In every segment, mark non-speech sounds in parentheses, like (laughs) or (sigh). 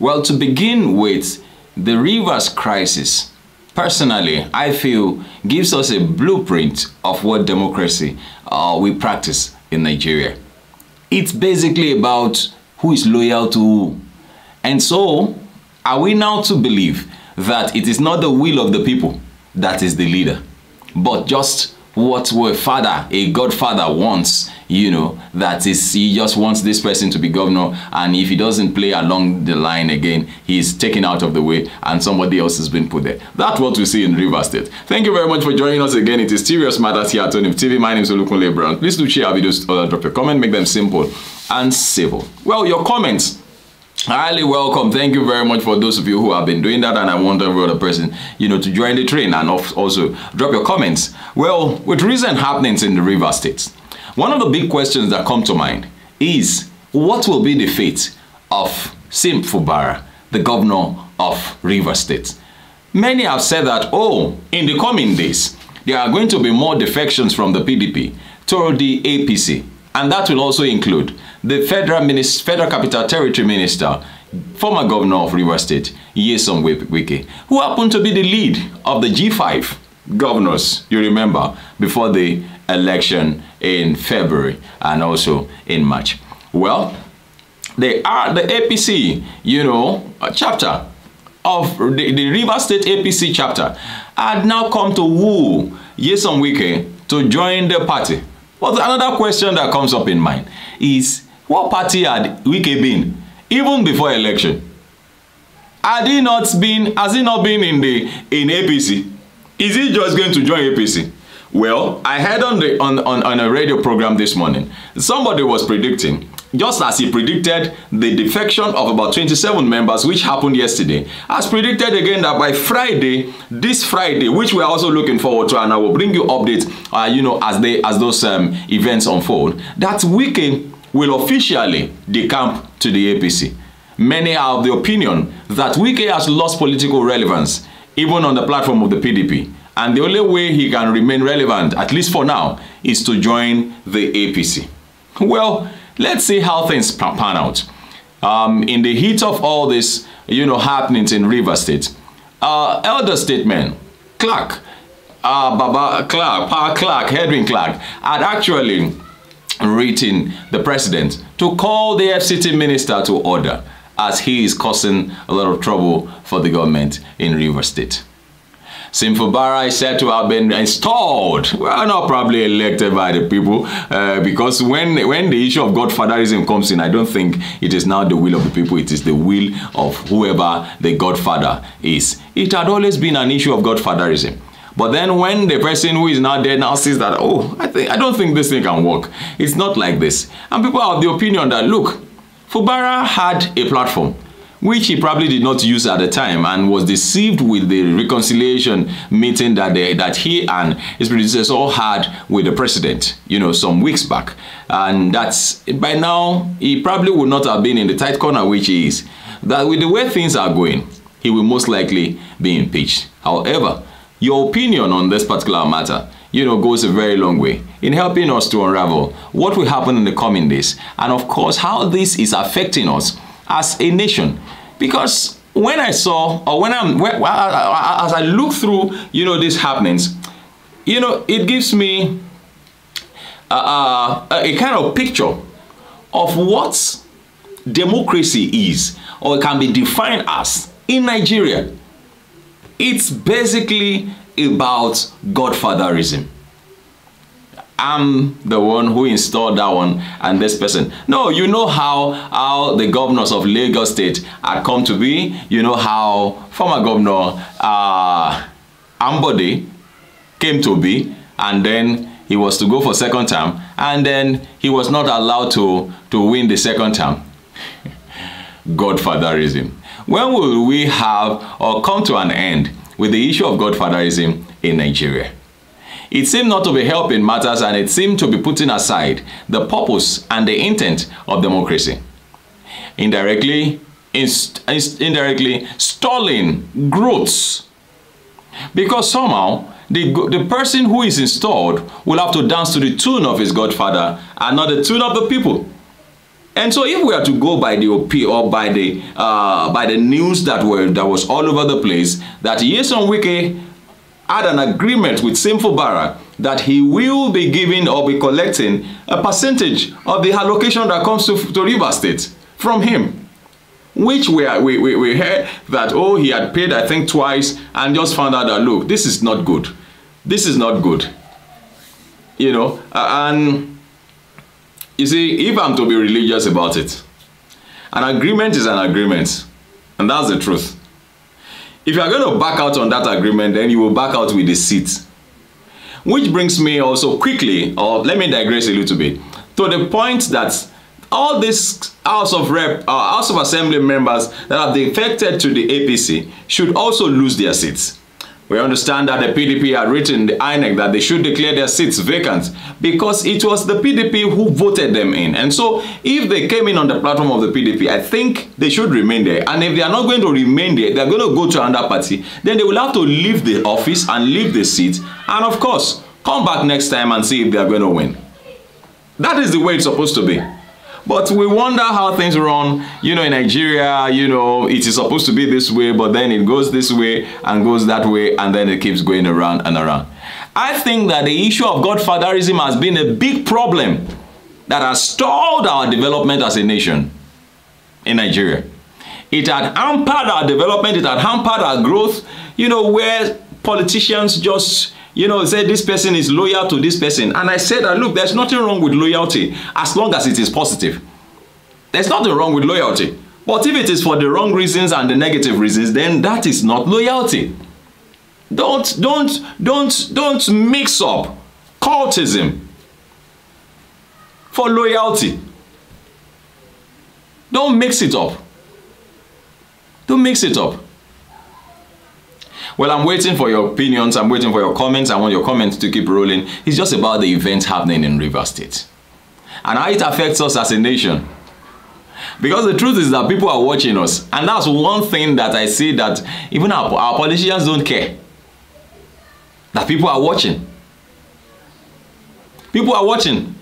Well, to begin with, the rivers crisis, personally, I feel gives us a blueprint of what democracy uh, we practice in Nigeria. It's basically about who is loyal to who. And so, are we now to believe that it is not the will of the people that is the leader, but just what a father, a godfather wants, you know, that is he just wants this person to be governor and if he doesn't play along the line again, he's taken out of the way and somebody else has been put there. That's what we see in River State. Thank you very much for joining us again. It is Serious Matters here at Tony TV. My name is Olukunle Brown. Please do share our videos, drop your comment, make them simple and civil. Well, your comments highly welcome thank you very much for those of you who have been doing that and i want every other person you know to join the train and also drop your comments well with recent happenings in the river states one of the big questions that come to mind is what will be the fate of sim fubara the governor of river state many have said that oh in the coming days there are going to be more defections from the pdp to the apc and that will also include the federal, minister, federal capital territory minister, former governor of River State, Yeson Wiki, who happened to be the lead of the G5 governors, you remember, before the election in February and also in March. Well, they are the uh, APC, you know, uh, chapter of the, the River State APC chapter had now come to woo Yeson Wiki to join the party. But another question that comes up in mind is what party had Wike been even before election? Had he not been, has he not been in the in APC? Is he just going to join APC? Well, I heard on the on, on, on a radio program this morning, somebody was predicting just as he predicted the defection of about 27 members which happened yesterday Has predicted again that by friday this friday which we are also looking forward to and i will bring you updates uh, you know as they as those um, events unfold that weekend will officially decamp to the APC. Many are of the opinion that Wike has lost political relevance, even on the platform of the PDP, and the only way he can remain relevant, at least for now, is to join the APC. Well, let's see how things pan out. Um, in the heat of all this, you know, happenings in River State, uh, elder statement, Clark, uh, Baba Clark, Pa Clark, Edwin Clark, had actually written the president to call the FCT minister to order as he is causing a lot of trouble for the government in River State. Simfubara is said to have been installed, well, not probably elected by the people, uh, because when, when the issue of godfatherism comes in, I don't think it is now the will of the people, it is the will of whoever the godfather is. It had always been an issue of godfatherism. But then when the person who is now dead now sees that, oh, I, think, I don't think this thing can work. It's not like this. And people are of the opinion that, look, Fubara had a platform which he probably did not use at the time and was deceived with the reconciliation meeting that they, that he and his predecessors all had with the president, you know, some weeks back. And that's, by now, he probably would not have been in the tight corner which he is. That with the way things are going, he will most likely be impeached. However, your opinion on this particular matter, you know, goes a very long way in helping us to unravel what will happen in the coming days and of course how this is affecting us as a nation. Because when I saw or when I'm as I look through, you know, these happenings, you know, it gives me uh, uh a kind of picture of what democracy is or can be defined as in Nigeria. It's basically about godfatherism. I'm the one who installed that one and this person. No, you know how, how the governors of Lagos State are come to be. You know how former governor uh, Ambode came to be and then he was to go for second term and then he was not allowed to, to win the second term. (laughs) Godfatherism. When will we have or come to an end with the issue of godfatherism in Nigeria? It seemed not to be helping matters and it seemed to be putting aside the purpose and the intent of democracy. Indirectly, inst indirectly stalling growth. Because somehow, the, the person who is installed will have to dance to the tune of his godfather and not the tune of the people. And so if we are to go by the OP or by the uh, by the news that were that was all over the place that Yeson Wike had an agreement with Simful Barra that he will be giving or be collecting a percentage of the allocation that comes to, to River State from him. Which we, are, we, we, we heard that, oh, he had paid, I think, twice and just found out that, look, this is not good. This is not good. You know, and you see, if I'm to be religious about it, an agreement is an agreement, and that's the truth. If you are going to back out on that agreement, then you will back out with the seat. Which brings me also quickly, or let me digress a little bit, to the point that all these House of Rep, uh, House of Assembly members that have defected to the APC should also lose their seats. We understand that the PDP had written the INEC that they should declare their seats vacant because it was the PDP who voted them in. And so if they came in on the platform of the PDP, I think they should remain there. And if they are not going to remain there, they're going to go to another party, then they will have to leave the office and leave the seat. And of course, come back next time and see if they are going to win. That is the way it's supposed to be. But we wonder how things run, you know, in Nigeria, you know, it is supposed to be this way, but then it goes this way and goes that way, and then it keeps going around and around. I think that the issue of godfatherism has been a big problem that has stalled our development as a nation in Nigeria. It had hampered our development, it had hampered our growth, you know, where politicians just you know say this person is loyal to this person and i said that look there's nothing wrong with loyalty as long as it is positive there's nothing wrong with loyalty but if it is for the wrong reasons and the negative reasons then that is not loyalty don't don't don't don't mix up cultism for loyalty don't mix it up don't mix it up Well, I'm waiting for your opinions. I'm waiting for your comments. I want your comments to keep rolling. It's just about the events happening in River State and how it affects us as a nation. Because the truth is that people are watching us. And that's one thing that I see that even our, our politicians don't care. That people are watching. People are watching.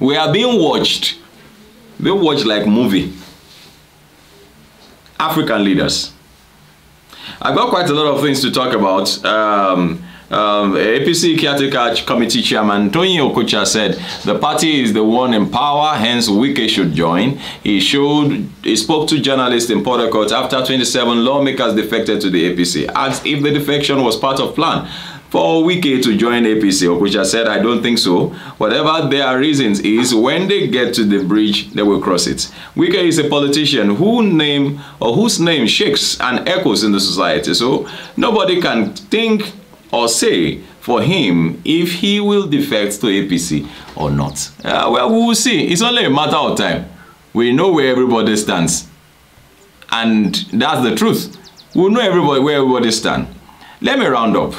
We are being watched. They watch like movie. African leaders. I've got quite a lot of things to talk about. Um, um, APC caretaker committee chairman Tony Okucha said the party is the one in power, hence Wike should join. He showed he spoke to journalists in Port Harcourt after 27 lawmakers defected to the APC, asked if the defection was part of plan for Wike to join APC. Okucha said, I don't think so. Whatever their reasons is, when they get to the bridge, they will cross it. Wike is a politician who name or whose name shakes and echoes in the society. So nobody can think or say for him if he will defect to APC or not. Uh, well, we will see. It's only a matter of time. We know where everybody stands. And that's the truth. We know everybody where everybody stands. Let me round up.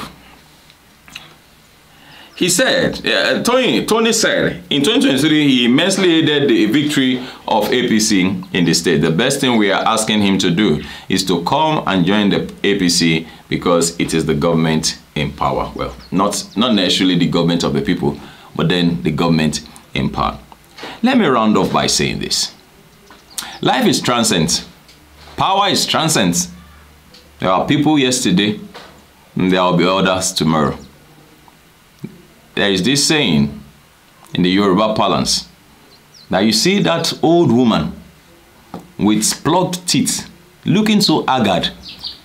He said, uh, Tony, Tony said, in 2023, he immensely aided the victory of APC in the state. The best thing we are asking him to do is to come and join the APC because it is the government in power. Well, not, not necessarily the government of the people, but then the government in power. Let me round off by saying this. Life is transient. Power is transient. There are people yesterday, there will be others tomorrow there is this saying in the Yoruba parlance that you see that old woman with plucked teeth looking so haggard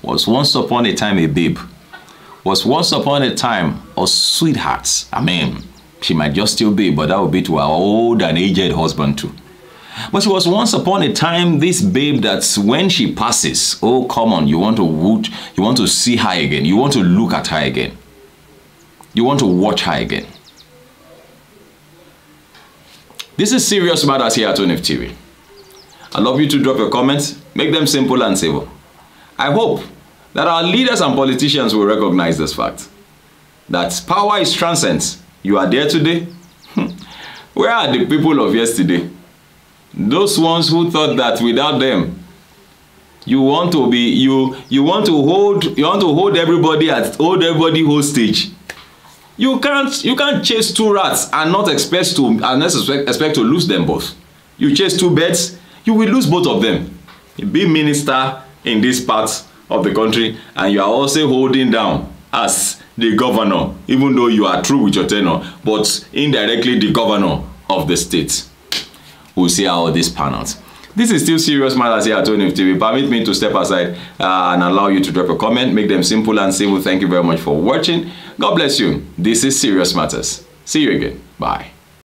was once upon a time a babe, was once upon a time a sweetheart. I mean, she might just still be, but that would be to her old and aged husband too. But she was once upon a time this babe that when she passes, oh come on, you want to woot, you want to see her again, you want to look at her again you want to watch her again. This is serious matters here at ONF TV. I love you to drop your comments, make them simple and civil. I hope that our leaders and politicians will recognize this fact. That power is transient. You are there today. Hmm. Where are the people of yesterday? Those ones who thought that without them, you want to be you you want to hold you want to hold everybody at hold everybody hostage you can't you can't chase two rats and not expect to and not expect, expect to lose them both you chase two birds you will lose both of them be minister in this part of the country and you are also holding down as the governor even though you are true with your tenure but indirectly the governor of the state we'll see how this pan out This is still serious matters here at Tony TV. Permit me to step aside uh, and allow you to drop a comment. Make them simple and simple. Thank you very much for watching. God bless you. This is Serious Matters. See you again. Bye.